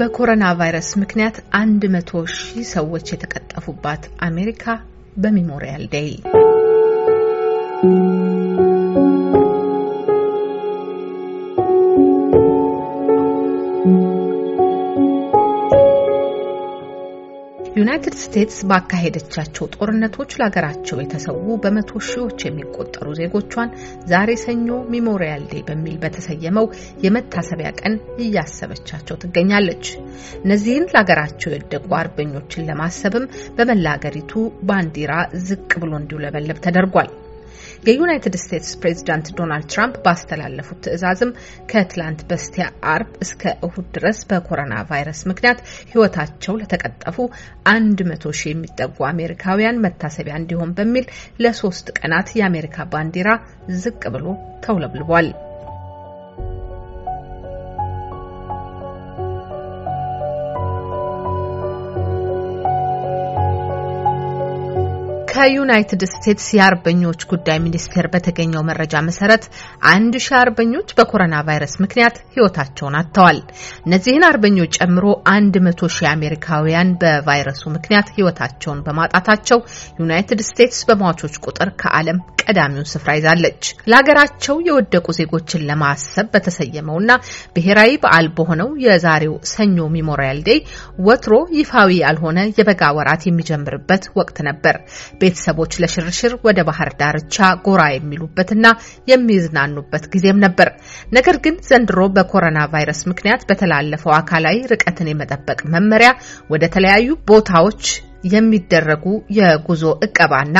በኮሮና ቫይረስ ምክንያት አንድ ሺህ ሰዎች የተቀጠፉባት አሜሪካ በሜሞሪያል ዴይ ዩናይትድ ስቴትስ ባካሄደቻቸው ጦርነቶች ለሀገራቸው የተሰዉ በመቶ ሺዎች የሚቆጠሩ ዜጎቿን ዛሬ ሰኞ ሚሞሪያል ዴይ በሚል በተሰየመው የመታሰቢያ ቀን እያሰበቻቸው ትገኛለች። እነዚህን ለሀገራቸው የወደቁ አርበኞችን ለማሰብም በመላ ሀገሪቱ ባንዲራ ዝቅ ብሎ እንዲውለበለብ ተደርጓል። የዩናይትድ ስቴትስ ፕሬዚዳንት ዶናልድ ትራምፕ ባስተላለፉት ትዕዛዝም ከትላንት በስቲያ አርብ እስከ እሁድ ድረስ በኮሮና ቫይረስ ምክንያት ሕይወታቸው ለተቀጠፉ አንድ መቶ ሺህ የሚጠጉ አሜሪካውያን መታሰቢያ እንዲሆን በሚል ለሶስት ቀናት የአሜሪካ ባንዲራ ዝቅ ብሎ ተውለብልቧል። ከዩናይትድ ስቴትስ የአርበኞች ጉዳይ ሚኒስቴር በተገኘው መረጃ መሰረት አንድ ሺህ አርበኞች በኮሮና ቫይረስ ምክንያት ህይወታቸውን አጥተዋል። እነዚህን አርበኞች ጨምሮ አንድ መቶ ሺህ አሜሪካውያን በቫይረሱ ምክንያት ህይወታቸውን በማጣታቸው ዩናይትድ ስቴትስ በሟቾች ቁጥር ከዓለም ቀዳሚውን ስፍራ ይዛለች። ለሀገራቸው የወደቁ ዜጎችን ለማሰብ በተሰየመውና ብሔራዊ በዓል በሆነው የዛሬው ሰኞ ሚሞሪያል ዴይ ወትሮ ይፋዊ ያልሆነ የበጋ ወራት የሚጀምርበት ወቅት ነበር። ቤተሰቦች ለሽርሽር ወደ ባህር ዳርቻ ጎራ የሚሉበትና የሚዝናኑበት ጊዜም ነበር። ነገር ግን ዘንድሮ በኮሮና ቫይረስ ምክንያት በተላለፈው አካላዊ ርቀትን የመጠበቅ መመሪያ ወደ ተለያዩ ቦታዎች የሚደረጉ የጉዞ እቀባና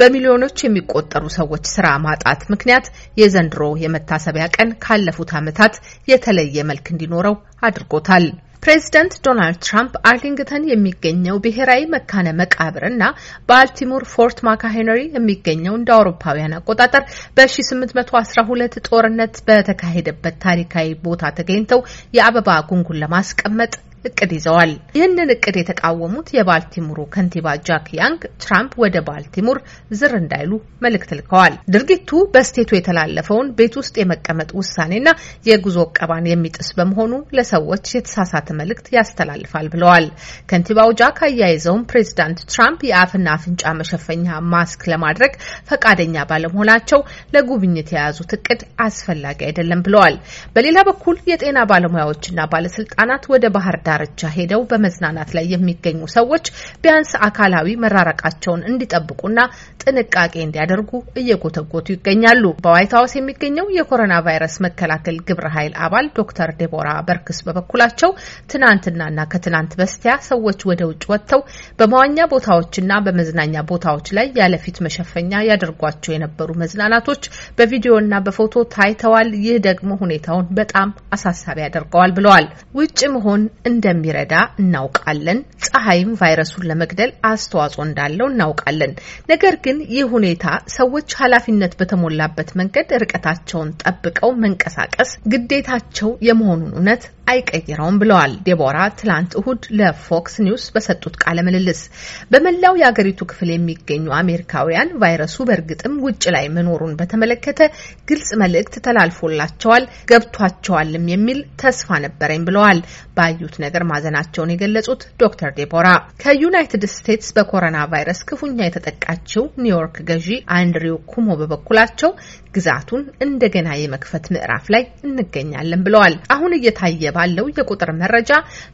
በሚሊዮኖች የሚቆጠሩ ሰዎች ስራ ማጣት ምክንያት የዘንድሮ የመታሰቢያ ቀን ካለፉት ዓመታት የተለየ መልክ እንዲኖረው አድርጎታል። ፕሬዚደንት ዶናልድ ትራምፕ አርሊንግተን የሚገኘው ብሔራዊ መካነ መቃብር እና ባልቲሞር ፎርት ማካሄነሪ የሚገኘው እንደ አውሮፓውያን አቆጣጠር በ1812 ጦርነት በተካሄደበት ታሪካዊ ቦታ ተገኝተው የአበባ ጉንጉን ለማስቀመጥ እቅድ ይዘዋል። ይህንን እቅድ የተቃወሙት የባልቲሞሩ ከንቲባ ጃክ ያንግ ትራምፕ ወደ ባልቲሞር ዝር እንዳይሉ መልእክት ልከዋል። ድርጊቱ በስቴቱ የተላለፈውን ቤት ውስጥ የመቀመጥ ውሳኔና የጉዞ እቀባን የሚጥስ በመሆኑ ለሰዎች የተሳሳተ መልእክት ያስተላልፋል ብለዋል። ከንቲባው ጃክ አያይዘውም ፕሬዚዳንት ትራምፕ የአፍና አፍንጫ መሸፈኛ ማስክ ለማድረግ ፈቃደኛ ባለመሆናቸው ለጉብኝት የያዙት እቅድ አስፈላጊ አይደለም ብለዋል። በሌላ በኩል የጤና ባለሙያዎችና ባለስልጣናት ወደ ባህር ዳር ዳርቻ ሄደው በመዝናናት ላይ የሚገኙ ሰዎች ቢያንስ አካላዊ መራረቃቸውን እንዲጠብቁና ጥንቃቄ እንዲያደርጉ እየጎተጎቱ ይገኛሉ። በዋይት ሀውስ የሚገኘው የኮሮና ቫይረስ መከላከል ግብረ ኃይል አባል ዶክተር ዴቦራ በርክስ በበኩላቸው ትናንትናና ከትናንት በስቲያ ሰዎች ወደ ውጭ ወጥተው በመዋኛ ቦታዎችና በመዝናኛ ቦታዎች ላይ ያለፊት መሸፈኛ ያደርጓቸው የነበሩ መዝናናቶች በቪዲዮና በፎቶ ታይተዋል። ይህ ደግሞ ሁኔታውን በጣም አሳሳቢ ያደርገዋል ብለዋል። ውጭ መሆን እንደሚረዳ እናውቃለን። ፀሐይም ቫይረሱን ለመግደል አስተዋጽኦ እንዳለው እናውቃለን። ነገር ግን ይህ ሁኔታ ሰዎች ኃላፊነት በተሞላበት መንገድ ርቀታቸውን ጠብቀው መንቀሳቀስ ግዴታቸው የመሆኑን እውነት አይቀይረውም ብለዋል። ዴቦራ ትላንት እሁድ ለፎክስ ኒውስ በሰጡት ቃለ ምልልስ በመላው የአገሪቱ ክፍል የሚገኙ አሜሪካውያን ቫይረሱ በእርግጥም ውጭ ላይ መኖሩን በተመለከተ ግልጽ መልእክት ተላልፎላቸዋል፣ ገብቷቸዋልም የሚል ተስፋ ነበረኝ ብለዋል። ባዩት ነገር ማዘናቸውን የገለጹት ዶክተር ዴቦራ ከዩናይትድ ስቴትስ በኮሮና ቫይረስ ክፉኛ የተጠቃችው ኒውዮርክ ገዢ አንድሪው ኩሞ በበኩላቸው ግዛቱን እንደገና የመክፈት ምዕራፍ ላይ እንገኛለን ብለዋል። አሁን እየታየ ባለው የቁጥር መረጃ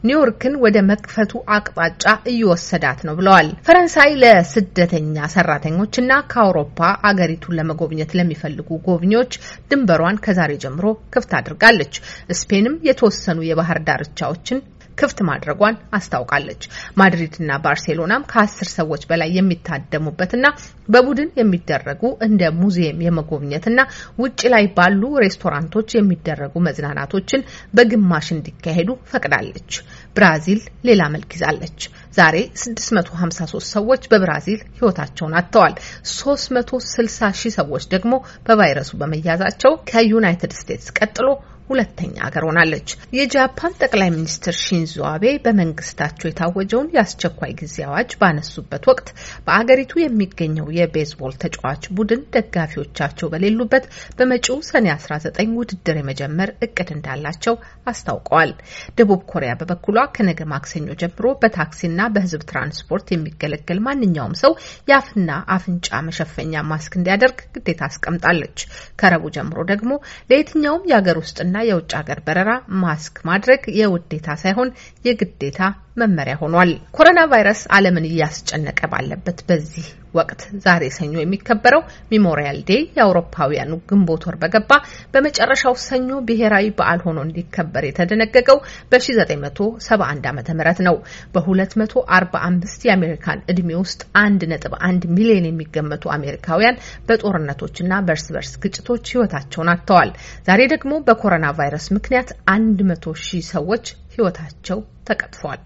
ኒውዮርክን ወደ መክፈቱ አቅጣጫ እየወሰዳት ነው ብለዋል። ፈረንሳይ ለስደተኛ ሰራተኞችና ከአውሮፓ አገሪቱን ለመጎብኘት ለሚፈልጉ ጎብኚዎች ድንበሯን ከዛሬ ጀምሮ ክፍት አድርጋለች። ስፔንም የተወሰኑ የባህር ዳርቻዎችን ክፍት ማድረጓን አስታውቃለች። ማድሪድና ባርሴሎናም ከአስር ሰዎች በላይ የሚታደሙበትና በቡድን የሚደረጉ እንደ ሙዚየም የመጎብኘትና ውጭ ላይ ባሉ ሬስቶራንቶች የሚደረጉ መዝናናቶችን በግማሽ እንዲካሄዱ ፈቅዳለች። ብራዚል ሌላ መልክ ይዛለች። ዛሬ 653 ሰዎች በብራዚል ህይወታቸውን አጥተዋል። 360 ሺህ ሰዎች ደግሞ በቫይረሱ በመያዛቸው ከዩናይትድ ስቴትስ ቀጥሎ ሁለተኛ ሀገር ሆናለች። የጃፓን ጠቅላይ ሚኒስትር ሺንዞ አቤ በመንግስታቸው የታወጀውን የአስቸኳይ ጊዜ አዋጅ ባነሱበት ወቅት በአገሪቱ የሚገኘው የቤዝቦል ተጫዋች ቡድን ደጋፊዎቻቸው በሌሉበት በመጪው ሰኔ 19 ውድድር የመጀመር እቅድ እንዳላቸው አስታውቀዋል። ደቡብ ኮሪያ በበኩሏ ከነገ ማክሰኞ ጀምሮ በታክሲና በህዝብ ትራንስፖርት የሚገለገል ማንኛውም ሰው የአፍና አፍንጫ መሸፈኛ ማስክ እንዲያደርግ ግዴታ አስቀምጣለች። ከረቡ ጀምሮ ደግሞ ለየትኛውም የሀገር ውስጥና የውጭ ሀገር በረራ ማስክ ማድረግ የውዴታ ሳይሆን የግዴታ መመሪያ ሆኗል። ኮሮና ቫይረስ ዓለምን እያስጨነቀ ባለበት በዚህ ወቅት ዛሬ ሰኞ የሚከበረው ሚሞሪያል ዴይ የአውሮፓውያኑ ግንቦት ወር በገባ በመጨረሻው ሰኞ ብሔራዊ በዓል ሆኖ እንዲከበር የተደነገገው በ1971 ዓ ም ነው። በ245 የአሜሪካን ዕድሜ ውስጥ 1.1 ሚሊዮን የሚገመቱ አሜሪካውያን በጦርነቶችና በእርስ በርስ ግጭቶች ህይወታቸውን አጥተዋል። ዛሬ ደግሞ በኮሮና ቫይረስ ምክንያት 100 ሺህ ሰዎች ህይወታቸው ተቀጥፏል።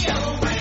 Be away.